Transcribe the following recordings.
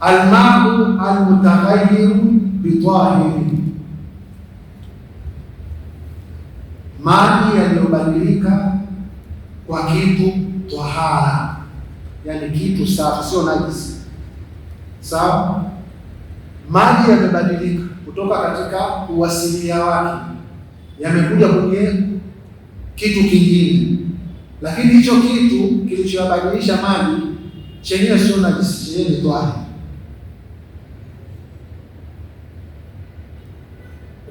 almahu almutaghayyiru bitahiri, maji yaliyobadilika kwa kitu tahara, yani kitu safi, sio najisi. Sawa, maji yamebadilika kutoka katika uasilia wake yamekuja kwenye kitu kingine, lakini hicho kitu kilichoyabadilisha maji chenyewe sio najisi, chenyewe ni tahara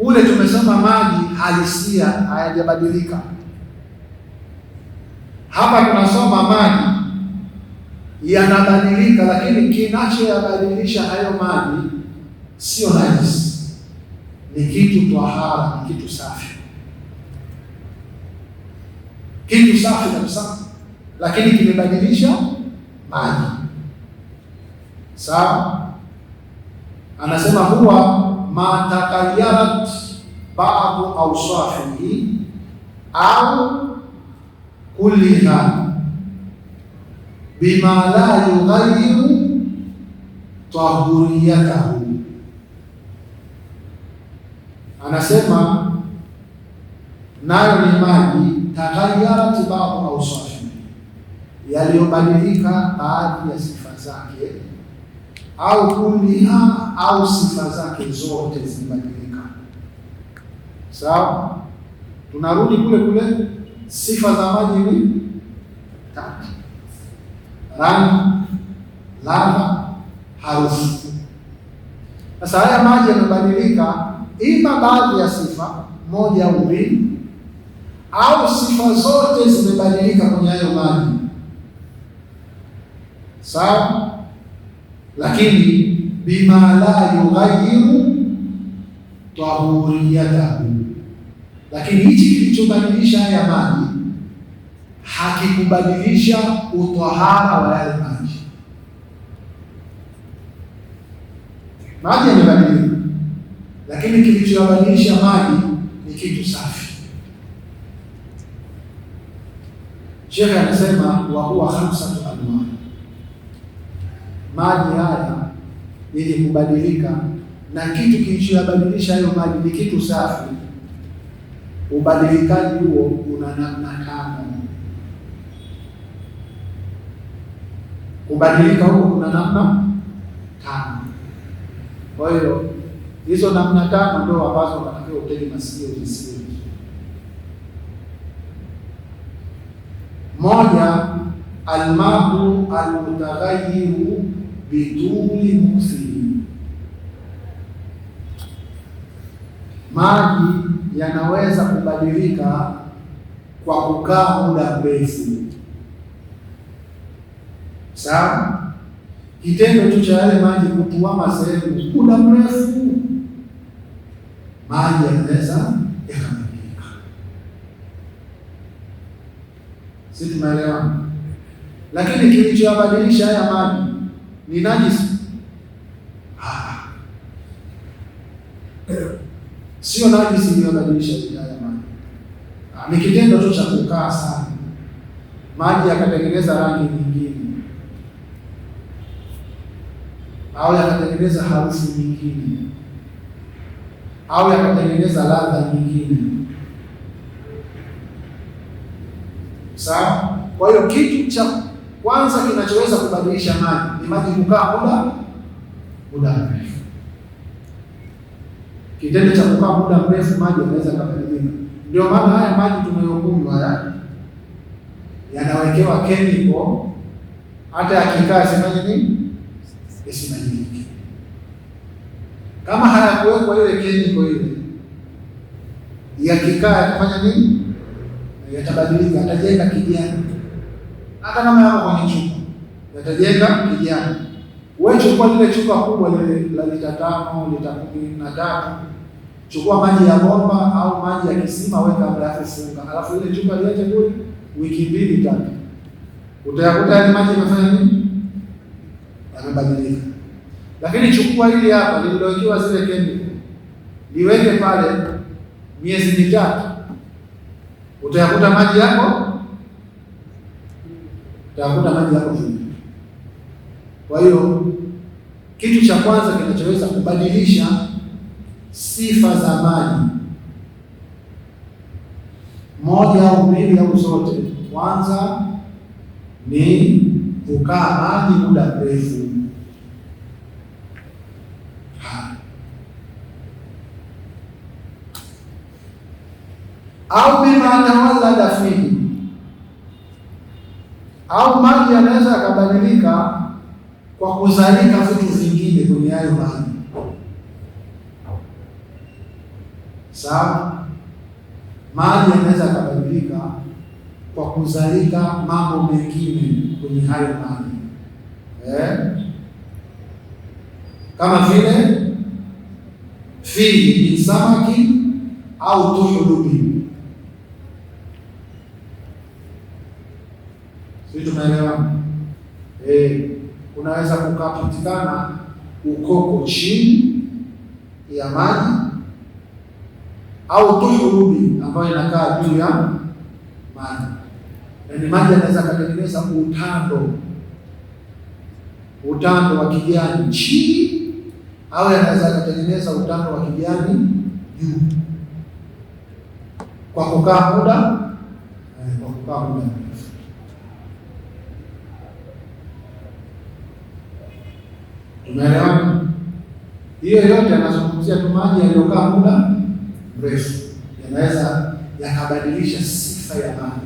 kule tumesema maji halisia hayajabadilika. Hapa tunasoma maji yanabadilika, lakini kinachoyabadilisha hayo maji sio najisi, ni kitu twahara, ni kitu safi, kitu safi kabisa, lakini kimebadilisha maji. Sawa, anasema huwa ma taghayarat ba'du awsafihi au kulliha bima la yughayyiru tahuriyatahu, anasema nayo ni maji taghayarat ba'du awsafihi, yaliyobadilika baadhi ya sifa zake au kundi au sifa zake zote zimebadilika. Sawa, tunarudi kule kule, sifa za maji ni tatu: rangi, ladha, harufu. Sasa haya maji yamebadilika, ima baadhi ya sifa moja au mbili, au sifa zote zimebadilika kwenye hayo maji. Sawa lakini bima la yughayyiru tahuriyatahu, lakini hichi kilichobadilisha haya maji hakikubadilisha utahara wa yale maji. Maji yamebadilika, lakini kilichoyabadilisha maji ni kitu safi. Shekhe anasema wa huwa khamsatu anwaa maji haya ili kubadilika, na kitu kilichoyabadilisha hayo maji ni kitu safi. Ubadilikaji huo una namna tano. Kubadilika huo kuna namna tano. Kwa hiyo hizo namna tano ndio ambazo unatakiwa utege masikio visikie. Moja, almahu almutaghayyiru بدون muksi, maji yanaweza kubadilika kwa kukaa muda mrefu. Sawa, kitendo tu cha yale maji kutuama sehemu muda mrefu, maji yanaweza yakabadilika. Si tunaelewa? Lakini kilichoyabadilisha haya maji ni najisi? Ah, sio najisi iliyobadilisha ujaa ya maji. Ah, ni kitendo tu cha kukaa sana, maji yakatengeneza rangi nyingine au yakatengeneza harufu nyingine au yakatengeneza ladha nyingine. Sawa. Kwa hiyo kitu cha kwanza kinachoweza kubadilisha maji maji kukaa muda muda mrefu. Kitendo cha kukaa muda mrefu maji yanaweza kapelekea. Ndio maana haya maji tunayokunywa haya yanawekewa kemiko, hata yakikaa simaji nini yasimajiriki. Kama hayakuwekwa ile kemiko ile, yakikaa yakufanya nini, yatabadilika, yatajenga kijani, hata kama yako kwenye chupa yatajenga kijana. Wewe chukua lile chupa kubwa lile la lita tano lita kumi na tano chukua maji ya bomba au maji ya kisima, weka kabla yake funga, alafu ile chupa liache kule wiki mbili tatu, utayakuta yale maji yanafanya nini? Yamebadilika. Lakini chukua ile hapa lililowekewa zile kemikali, liweke pale miezi mitatu, utayakuta maji yako utayakuta maji yako vipi? Kwa hiyo kitu cha kwanza kinachoweza kubadilisha sifa za maji moja au mbili au zote, kwanza ni kukaa maji muda mrefu. au anawala dafini au maji yanaweza yakabadilika kwa kuzalika vitu vingine kwenye hayo maji. Sawa, maji yanaweza yakabadilika kwa kuzalika mambo mengine kwenye hayo maji eh? kama vile fii ni samaki au tuhulubi. Sisi tunaelewa eh unaweza kukapatikana ukoko chini ya maji au tuhurudi ambayo inakaa juu ya maji, ni maji anaweza akatengeneza utando utando wa kijani chini, au anaweza akatengeneza utando wa kijani juu, kwa kukaa muda eh, kwa kukaa muda Tumeelewana? Hiyo yote anazungumzia tu maji yaliyokaa muda mrefu yanaweza yakabadilisha sifa ya maji.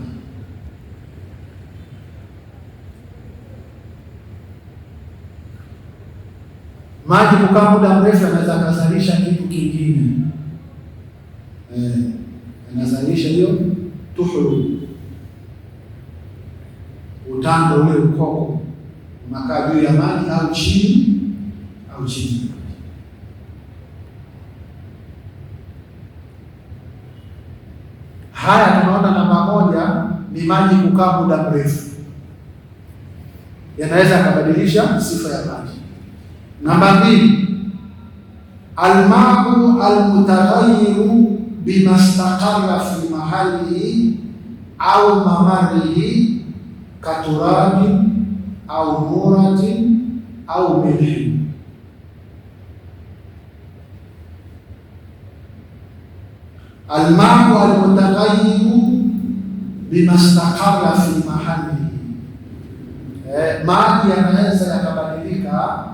Maji kukaa muda mrefu yanaweza akazalisha kitu kingine, eh, yanazalisha anazalisha hiyo tuhuru utando ule ukoko unakaa juu ya maji au chini kujibu. Haya, tunaona namba moja ni maji kukaa muda mrefu, yanaweza yakabadilisha sifa ya maji. Namba mbili almau almutaghayyiru bimastaqarra fi mahalihi au mamarihi katurabi au murati au milhi almau almutaghayiru bimastaqara fi mahali eh, maji yanaweza yakabadilika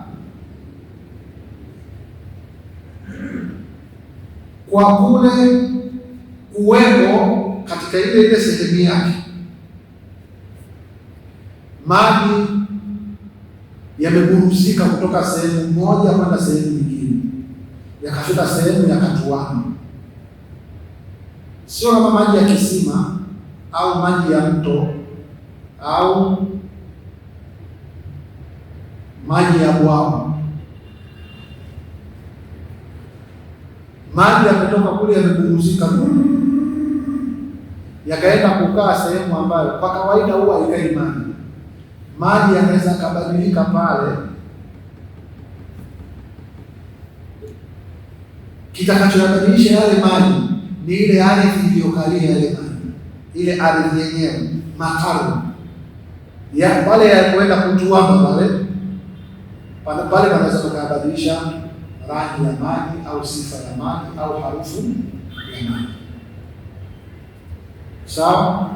kwa kule kuwepo katika ile ile sehemu yake. Maji yameburuzika kutoka sehemu moja kwenda sehemu nyingine, yakafika sehemu yakatuama sio kama maji ya kisima au maji ya mto au maji ya bwawa. Maji yametoka kule yamepumzika kule yakaenda kukaa sehemu ambayo kwa kawaida huwa haikai maji. Maji yanaweza kabadilika pale, kitakachoyabadilisha yale maji ni ile ardhi iliyokalia ile ile ardhi yenyewe makao ya pale ya kwenda kutuama pale pale, panaweza kubadilisha rangi ya maji au sifa ya maji au harufu ya maji, sawa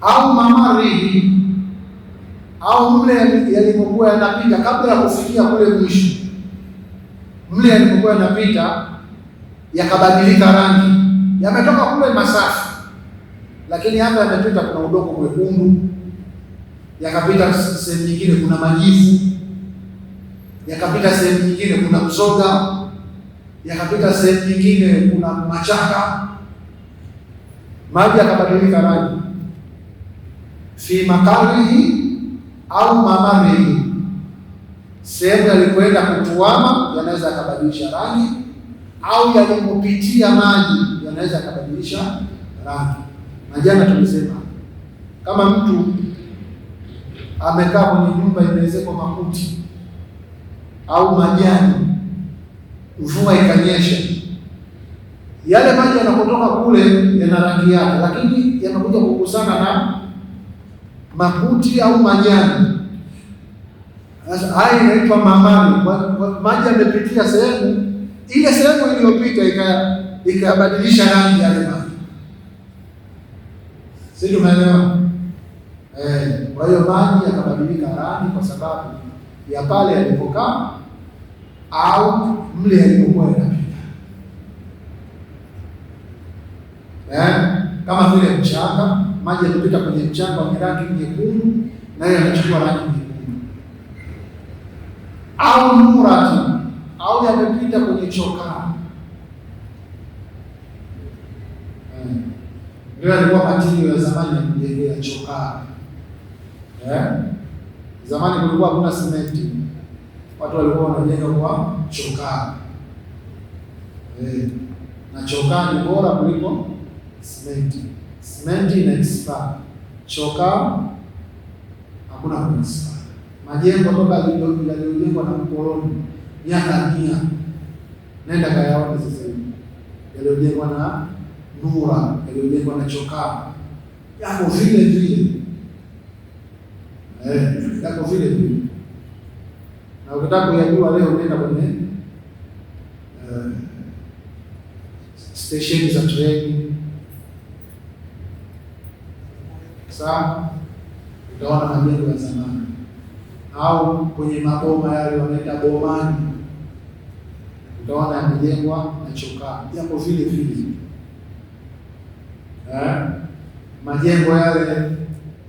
au mamarihi au mle yalipokuwa yanapita kabla ya kufikia kule mwisho, mle yalipokuwa yanapita yakabadilika rangi, yametoka kule masafi, lakini hapa yamepita, kuna udongo mwekundu, yakapita sehemu nyingine kuna majivu, yakapita sehemu nyingine kuna mzoga, yakapita sehemu nyingine kuna machaka maji yakabadilika rangi fi makarihi au mamamehi, sehemu yalipoenda kutuama yanaweza yakabadilisha rangi au yalipopitia maji yanaweza yakabadilisha rangi. Na jana tulisema kama mtu amekaa kwenye nyumba imeezekwa makuti au majani, mvua ikanyesha, yale maji yanapotoka kule yana rangi yake, lakini yanakuja kukusana na makuti au majani. Sasa haya inaitwa mamani, maji yamepitia sehemu ile sehemu iliyopita ikabadilisha rangi ya lima, si tumeelewa? Eh, kwa hiyo maji yakabadilika rangi kwa sababu ya pale yalipokaa au mle yalipokuwa yanapita, eh, kama vile mchanga. Maji yalipita kwenye mchanga wenye rangi nyekundu, nayo yanachukua rangi nyekundu au murati awe amepita kwenye chokaa. Ndio hmm. alikuwa matini ya zamani ya kujengea chokaa. Eh? Zamani kulikuwa hakuna simenti. Watu walikuwa wanajenga kwa chokaa. Eh, na chokaa ni bora kuliko simenti. Simenti ina expire. Chokaa hakuna kuexpire. Majengo toka yaliyojengwa na mkoloni miaka mia. Nenda kayaone sasa hivi yaliyojengwa na Nura, yaliyojengwa na chokaa yako vile vile, eh, yako vile vile. Na ukitaka kuyajua leo, nenda kwenye uh, eh, stesheni za treni sawa, utaona majengo ya zamani, au kwenye maboma yale wanaenda bomani ndoana yamejengwa na chokaa, jambo vile vile eh, majengo yale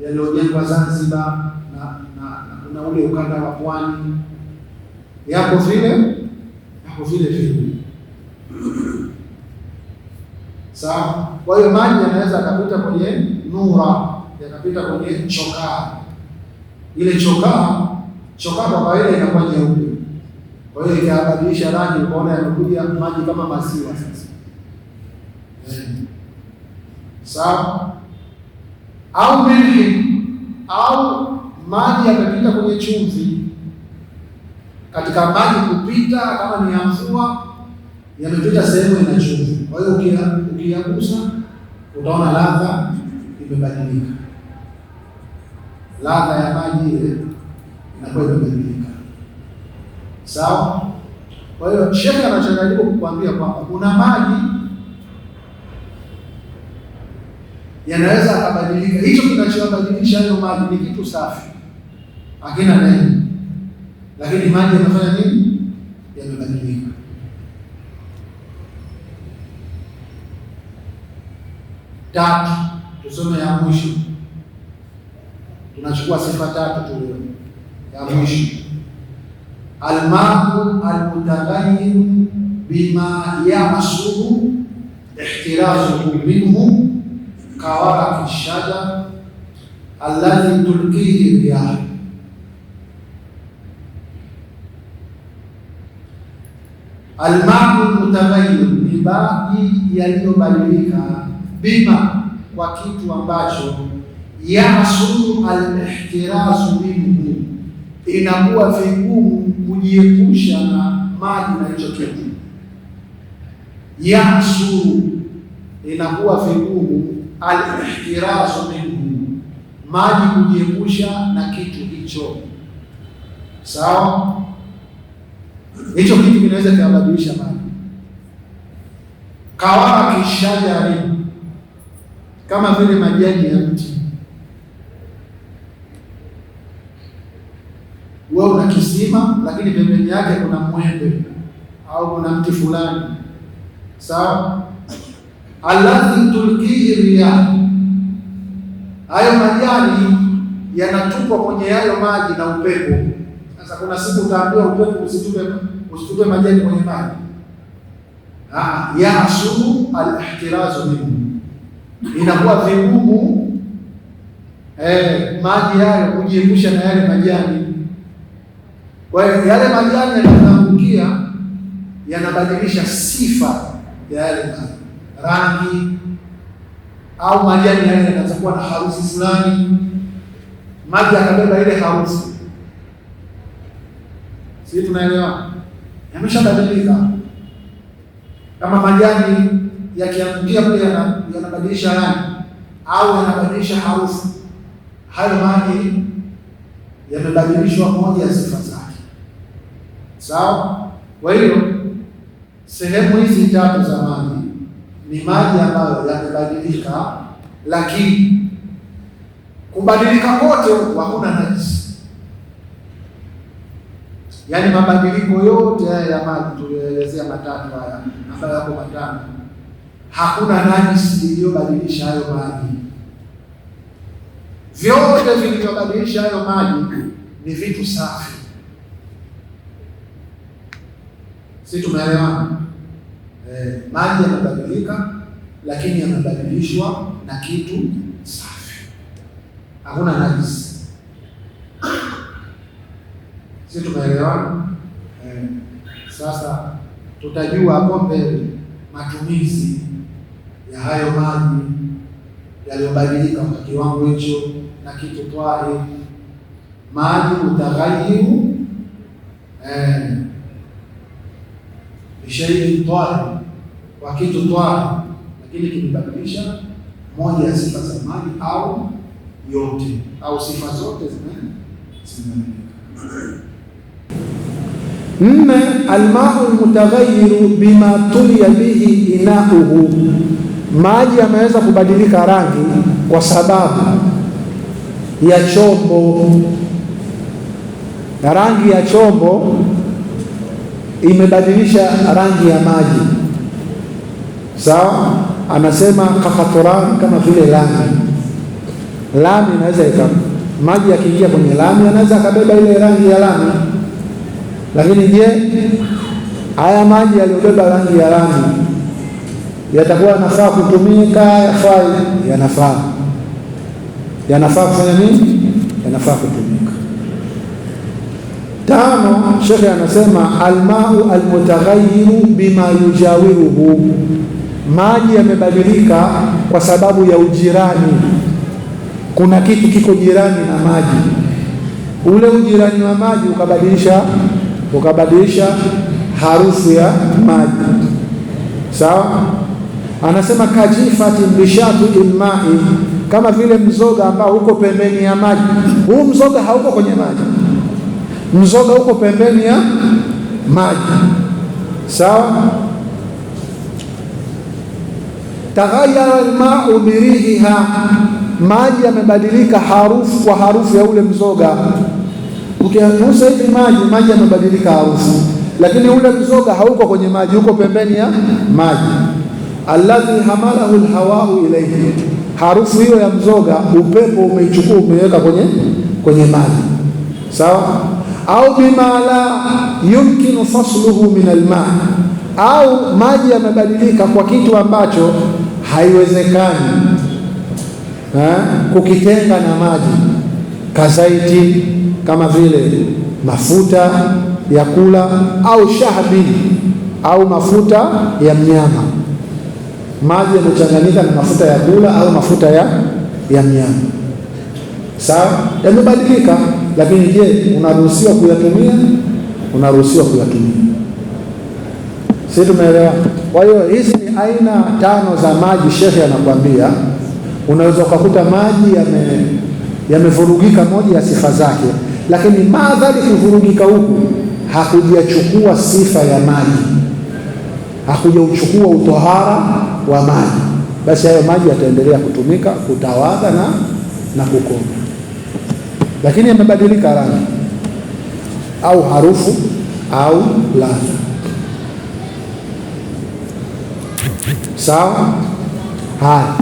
yaliyojengwa Zanzibar na na, na, na ule ukanda wa pwani yapo vile yapo vile vile sawa. Kwa hiyo maji yanaweza akapita kwenye nura, yakapita kwenye chokaa. Ile chokaa chokaa kwa kawaida inakuwa nyeupe kwa hiyo ikabadilisha rangi, ukaona yamekuja maji kama maziwa sasa. Sawa? Au milki au maji yamepita kwenye chumvi, katika maji kupita kama ni ya mvua, yamepita sehemu ina chumvi. Kwa hiyo ukiyagusa utaona ladha imebadilika, ladha ya maji ile inakuwa imebadilika. Sawa. Kwa hiyo shekhe anachojaribu kukwambia kwamba kuna maji yanaweza akabadilika, hicho kinachobadilisha hiyo maji ni kitu safi, hakina nini, lakini maji yanafanya nini? Yamebadilika. Tatu, tusome ya mwisho, tunachukua sifa tatu tu ya mwisho almau almutaghayyiru bima yamasuhu ihtirazuhu minhu kawaraki shada alladhi tulqihi riyah, almau almutaghayyir ni maji yaliyobadilika, bima kwa kitu ambacho yamasuhu alihtirazu minhu inakuwa vigumu kujiepusha na maji na hicho kitu. Yasuru, inakuwa vigumu alihtirazu minhu, maji kujiepusha na kitu hicho. Sawa, hicho kitu kinaweza kikabadilisha maji. Kawaraki shajari, kama vile majani ya mti wewe una kisima, lakini pembeni yake kuna mwembe au kuna mti fulani, sawa? Alladhi tulkihi riyah, hayo majani yanatupwa kwenye hayo maji na upepo. Sasa kuna siku utaambiwa upepo usitupe, usitupe majani kwenye maji. Ah, yasuu al minhu, inakuwa vigumu eh, maji hayo kujiepusha na yale majani kwa hiyo yale majani yanayoangukia yanabadilisha sifa ya yale maji, rangi au majani yale yanaweza kuwa na harusi fulani, maji yakabeba ile harusi. Sisi tunaelewa, yameshabadilika. Kama majani yakiangukia kule yanabadilisha rangi au yanabadilisha harusi, hayo maji yamebadilishwa moja ya sifa Sawa? Kwa hiyo sehemu hizi tatu za maji ni maji ambayo yamebadilika, lakini kubadilika kote huku hakuna najisi, yaani mabadiliko yote haya ya maji tuliyoelezea matatu haya ambayo yako matano, hakuna najisi iliyobadilisha hayo maji. Vyote vilivyobadilisha hayo maji ni vitu safi. si tumeelewana? Eh, maji yanabadilika, lakini yanabadilishwa na kitu safi, hakuna najisi. Si tumeelewana? Eh, sasa tutajua hapo mbele matumizi ya hayo maji yaliyobadilika kwa kiwango hicho na kitu twae maji utaghayiru eh, Kishairi twari kwa kitu twari, lakini kimebadilisha moja ya sifa za mali au yote au sifa zote zimeharibika. Nne, almau lmutaghayyiru bima tulia bihi inauhu, maji yameweza kubadilika rangi kwa sababu ya chombo, na rangi ya chombo imebadilisha rangi ya maji sawa. Anasema kakaturan, kama vile lami. Lami inaweza ika maji yakiingia kwenye lami anaweza akabeba ile rangi ya lami, lakini je, haya maji yaliyobeba rangi ya lami yatakuwa yanafaa kutumika? Yafai? Yanafaa, yanafaa kufanya nini? Yanafaa kutumika. Tano, shekhe anasema almau almutaghayyiru bima yujawiruhu, maji yamebadilika kwa sababu ya ujirani. Kuna kitu kiko jirani na maji, ule ujirani wa maji ukabadilisha ukabadilisha harufu ya maji. Sawa, anasema kajifati bishatu ilmai, kama vile mzoga ambao uko pembeni ya maji. Huu mzoga hauko kwenye maji mzoga huko pembeni ya maji sawa. Taghayara almau birihiha, maji yamebadilika harufu kwa harufu ya ule mzoga. Ukianusa hivi maji, maji yamebadilika harufu, lakini ule mzoga hauko kwenye maji, uko pembeni ya maji. Alladhi hamalahu alhawau ilayhi, harufu hiyo ya mzoga upepo umeichukua umeiweka kwenye kwenye maji sawa au bima la yumkinu fasluhu min alma, au maji yamebadilika kwa kitu ambacho haiwezekani ha, kukitenga na maji, kazaiti kama vile mafuta ya kula au shahbi au mafuta ya mnyama. Maji yamechanganyika na mafuta ya kula au mafuta ya, ya mnyama, sawa, yamebadilika lakini je, unaruhusiwa kuyatumia? Unaruhusiwa kuyatumia, si tumeelewa? Kwa hiyo hizi ni aina tano za maji. shehe anakuambia unaweza ukakuta maji yame yamevurugika, moja ya sifa zake, lakini maadhali kuvurugika huku hakujachukua sifa ya maji, hakujauchukua utohara wa maji, basi hayo maji yataendelea kutumika kutawadha na, na kukoma lakini yamebadilika rangi au harufu au ladha. Sawa? Haya.